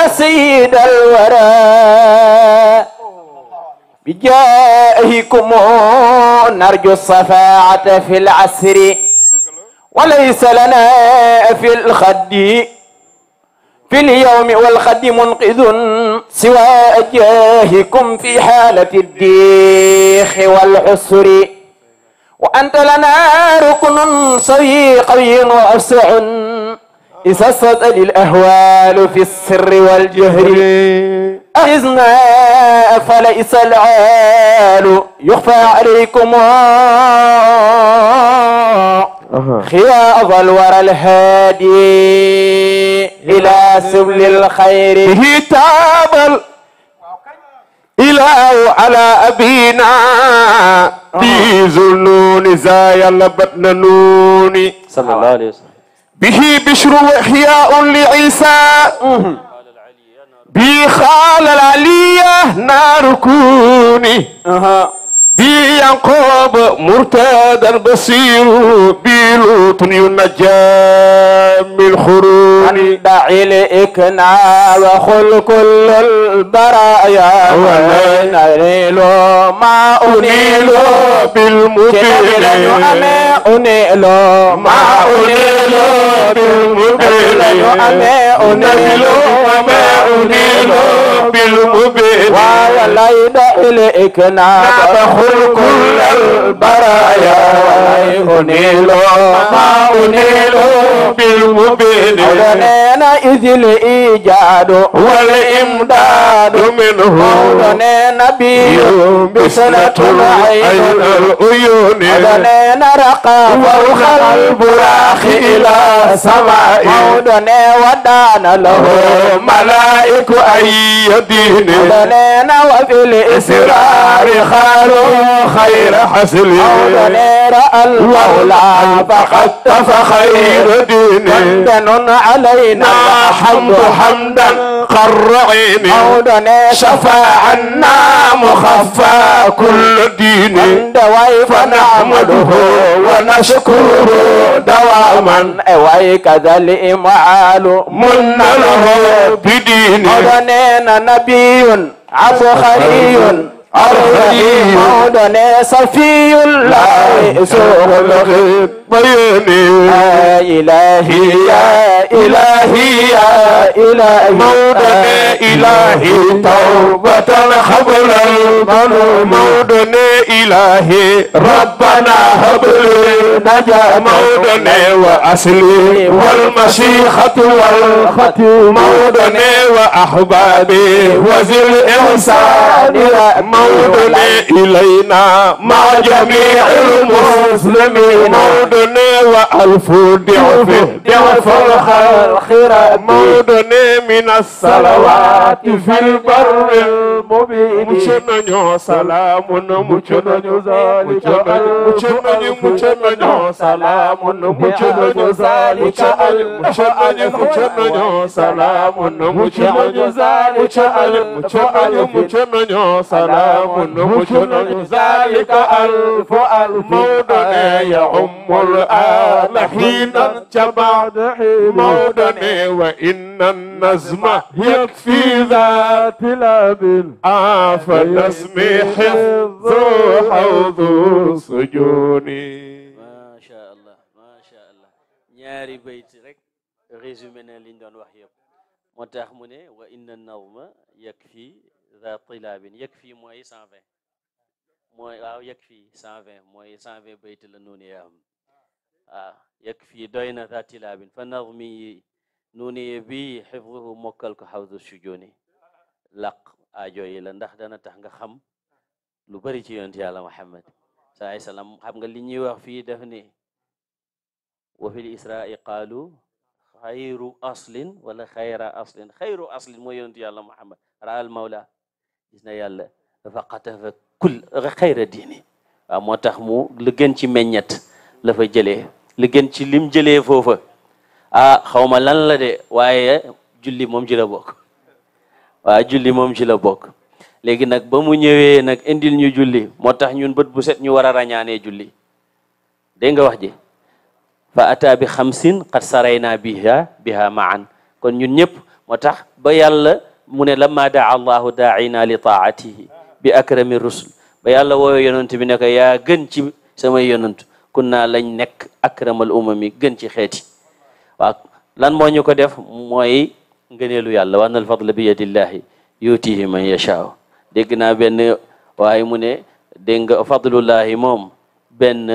سيد الورى بجاهكم نرجو الصفاعة في العسر وليس لنا في الخد في اليوم والغد منقذ سوى أجاهكم في حالة الديخ والعسر وأنت لنا ركن صوي قوي وأفسع إذا استطل الأهوال في السر والجهر أخذنا فلئس العال يخفى عليكم خياض الورى الهادي إلى سبل الخير هتاب إله على أبينا بذنون زايا لبتنا نوني صلى الله عليه وسلم به بشر وإحياء لعيسى بخال العليا نار كوني أه. bi yanqooba murtadan basiru bilutun yunajjami lxuruni dail ikna waxul kull lbaraya wananilu ma unilu bilmutlañu ame unilu ma unilu bilmutlañu ame unilu ma unilu bilmut وليد إليك نبخل كل البرايا أنيل ما أنيل بالمبين أولنينا إذ الإيجاد والإمداد منه أولنينا بيوم بسنة عين العيون أولنينا رقى وروح البراخ إلى سماء أولنينا ودان له ملائك أي دين نينا وفي الإسرار خال خير حسل أو دنير المولى فقد فخير دين مدن علينا حمد حمدا قر عيني أو دنير شفى عنا مخفى كل دين فنعمده ونشكره دواما أويك ذا الإمعال من له بدين أو دنير نبي عفو خلي عرفي مودن صفي الله سوء الخير بيني يا إلهي يا إلهي يا إلهي مودني إلهي توبة قبل المنون مودني إلهي ربنا هب لي نجاة مودني وأصلي والمشيخة والختم مودني وأحبابي وذي الإحسان مودني إلينا مع جميع المسلمين مودني مودنا وألف ضعف ضعف الخيرات مودنا من الصلوات في البر المبين مجنو سلام مجنو ذلك مجنو مجنو سلام مجنو ذلك مجنو سلام مجنو ذلك مجنو سلام مجنو ذلك ألف ألف مودنا يعم الآن حينا جمعت موطني وإن النزم يكفي ذات الأبن آف النسم حفظ حوض سجوني ما شاء الله ما شاء الله ñaari bayt rek résumé na liñ doon wax yëpp moo tax mu ne wa inna nawma yakfi za tilaabin yakfi mooy 120 mooy waaw yakfi 120 mooy 120 bayt la noonu yaa am waaw ah, yakfi doy na zatila bin fa nazmi yi nuuniye bi xifruhu mokkal ko xawsu sujooni laq aajo yi la ndax dana tax nga xam lu bari ci yonent yàlla Muhammad saai sallam xam nga li ñuy wax fii def ni wa fil isra'i qaalu xayru aslin wala xayra aslin xayru aslin mooy yonent yàlla Muhammad raal mawla gis na yàlla dafa xatafa kul xayra diini waaw moo tax mu lu gën ci meññet la fa jëlee li gën ci lim jëlee foofa ah xawma lan la de waaye julli moom jila la bokk waaw julli moom ci bokk léegi nag ba mu ñëwee nag indil ñu julli moo tax ñun bët bu set ñu war a rañaanee julli dégg nga wax ji fa ata bi xamsin qad sarayna biha biha maan kon ñu ñëpp moo tax ba yàlla mu ne lamma daa allahu li taatihi bi akrami rusul ba yàlla wooyo yonent bi ne yaa gën ci samay yonent kunnaa lañ nekk akramal umami gën ci xeeti waaw lan moo ñu ko def mooy ngëneelu yàlla wa anal fadla bi yadillahi yutihi man yashaa dégg naa benn waaye mu ne dégg nga fadlullahi moom benn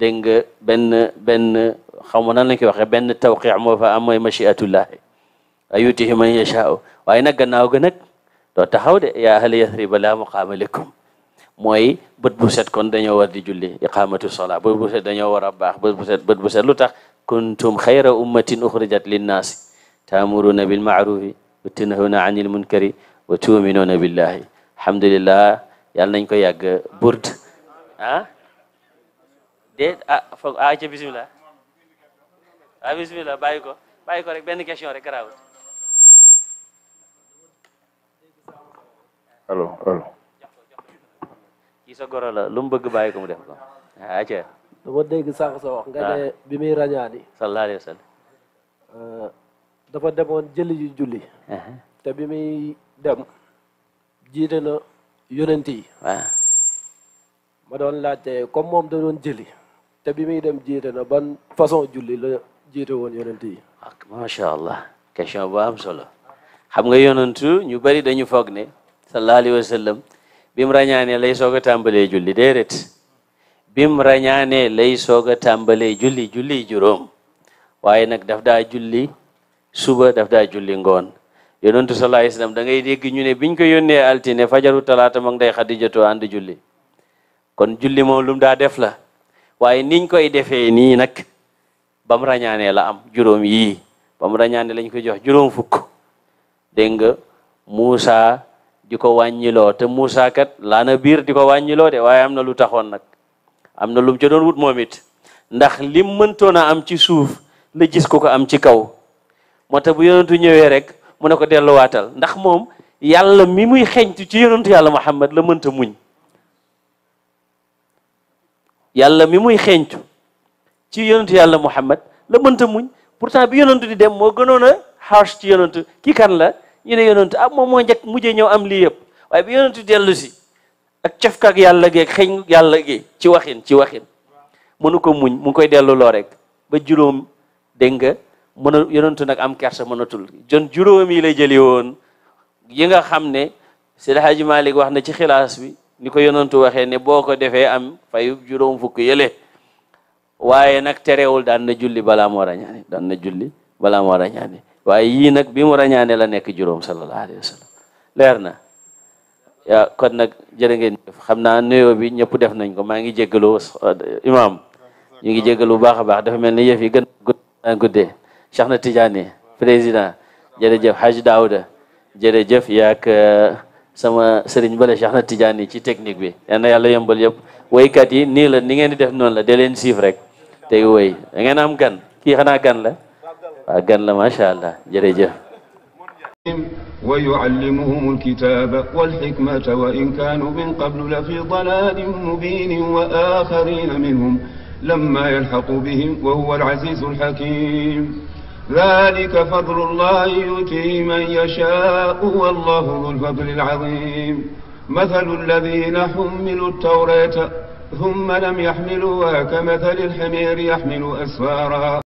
dégg nga benn benn xaw ma nan lañ koy waxee benn tawqiix moo fa am mooy machiatullahi yutihi man yashaa waaye nag gannaaw ga nag doo taxaw de yaa ahla yathriba laa muqaama lakum mooy bët bu set kon dañoo war di julli iqamatu sola bët bu set dañoo war a baax bët bu set bët bu set lu tax kuntum xayra ummatin uxrijat linnaasi taamuruna bilmaarufi wa tanhawna anil munkari wa tuminuna billahi alhamdulillah yàlla nañ ko yàgg burd ah déet ah foog ah ca bismillah ah bismillah bàyyi ko bàyyi ko rek benn question rek garaawul allo allo kii goro la lu mu bëgg bàyyi ko mu def ko aca ah, dama dégg sànq sa wax nga ne ah. bi muy rañaani sallallahu alayhi wa sallam euh, dafa demoon jëli ji uh-huh. te bi muy dem jiite na yonent ah. ma doon laajte comme moom da doon te bi muy dem jiite na ban façon juli la jiite woon yonent yi ak macha allah question bu am solo xam nga yonentu ñu bari dañu foog ne sallallahu alayhi bim rañaanee lay soog a tàmbalee julli déedéet bim rañaanee lay soog a tàmbalee julli julli juróom waaye nag daf daa julli suba daf daa julli ngoon yonentu sallallahu alayhi wasallam da ngay dégg ñu ne biñ ko yónnee altine fajaru talaata mag day xadijatoo ànd julli kon julli moom lu mu daa def la waaye niñ koy defee nii nag bam rañaanee la am juróom yii bam rañaanee lañ ko jox juróom fukk dégg nga Muusa di ko wàññiloo te Moussa kat laa na biir di ko wàññiloo de waaye am na lu taxoon nag am na lu mu wut moom it ndax lim mëntoon a am ci suuf la gis ko ko am ci kaw moo tax bu yonentu ñëwee rek mu ne ko delluwaatal ndax moom yàlla mi muy xeñtu ci yonentu yàlla Muhammad la mënta muñ yàlla mi muy xeñtu ci yonentu yàlla Muhammad la mënta muñ moo gënoon harsh ci yonentu kii kan la ñu ne yonantu ah moom moo njëkk mujjee ñëw am lii yëpp waaye bi yonantu dellu si ak cafkaak yàlla geeg xëñ yàlla gi ci waxin ci waxin mënu ko muñ mu ngi koy delluloo rek ba juróom dégg nga mën a nag am kersa mënatul jon juróom yi lay jëli woon yi nga xam ne Seydi Hadji Malick wax na ci xilaas bi ni ko yonantu waxee ne boo ko defee am fayu juróom fukk yële waaye nag terewul daan na julli balaa moo rañaani daan na waaye yii nag bi mu rañaane la nekk juróom sallallahu alayhi wa sallam leer na yaa kon nag jërë ngeen xam naa nuyoo bi ñëpp def nañ ko maa ngi jéggalu ñu ngi jéggalu bu baax a baax dafa mel ni yëf yi gën a guddee Cheikh na Tidiane président jërëjëf Haji Daouda jërëjëf yaak euh, sama sëriñ bale Cheikh na Tidiane ci technique bi yal na yàlla yombal yëpp woykat yi nii la ni ngeen di def noonu la de leen siif rek tey woy da ngeen gan kii xanaa gan la waa gan la macha allah jërëjëf wa yuallimuhum alkitaba walhikmata wa in kanu min qablu la fi dalalin mubinin wa axarina minhum lamma yalhaqu bihim wa huwa alazizu alhakim dalika fadlullahi yutihi man yashau wallahu dul fadli alazim مثل الذين حملوا التوراة ثم لم يحملوها كمثل الحمير يحمل أسفارا